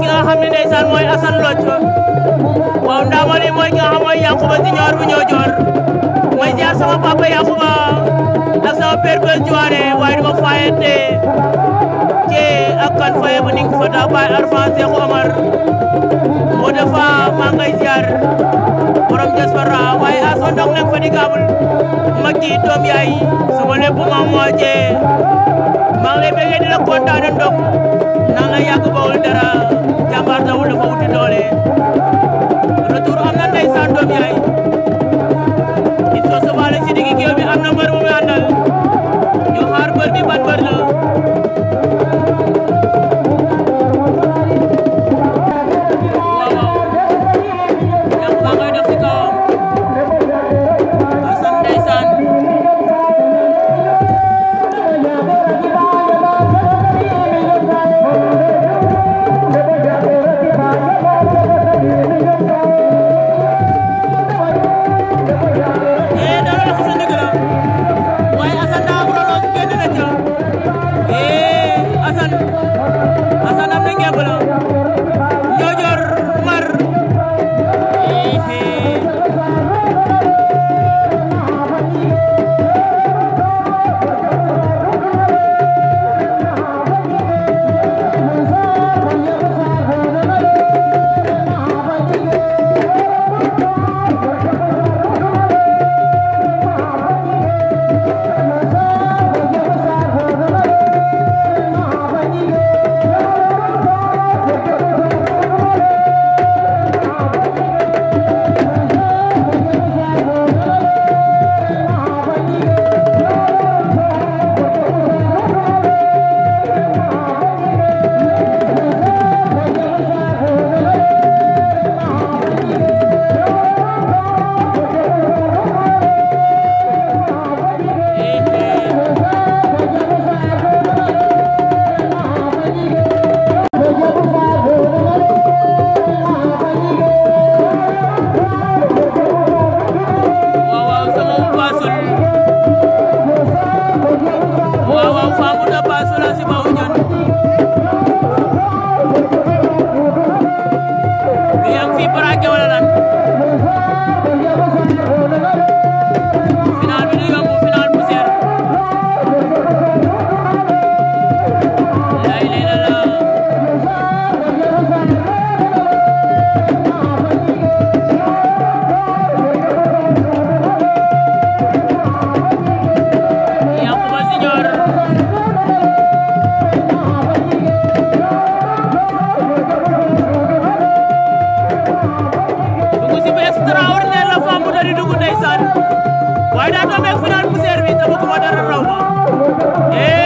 ki nga xam ne ndeysaan mooy Assane Lodj waaw ndaama li mooy ki nga xam mooy Yankuba Junior bu ñoo joor mooy ziar sama papa Yankuba ak sama père Bel Diouaré waaye dama fayante ke ak kan faye bu ning fa da baay Arfan Cheikh Omar moo defa maa ngay ziar borom diaspora waaye aso ndong nekk fa di kaabul mag ji doom yaay sama lépp maa moo jee maa ngi lay bëggee di la kontaane ndog naa la yàgg bawul dara Thank you. extraordinaire la femme bu dari dugg ndeysaan waaye daa tombé final poussière bi te bëgguma dara raw ma eh,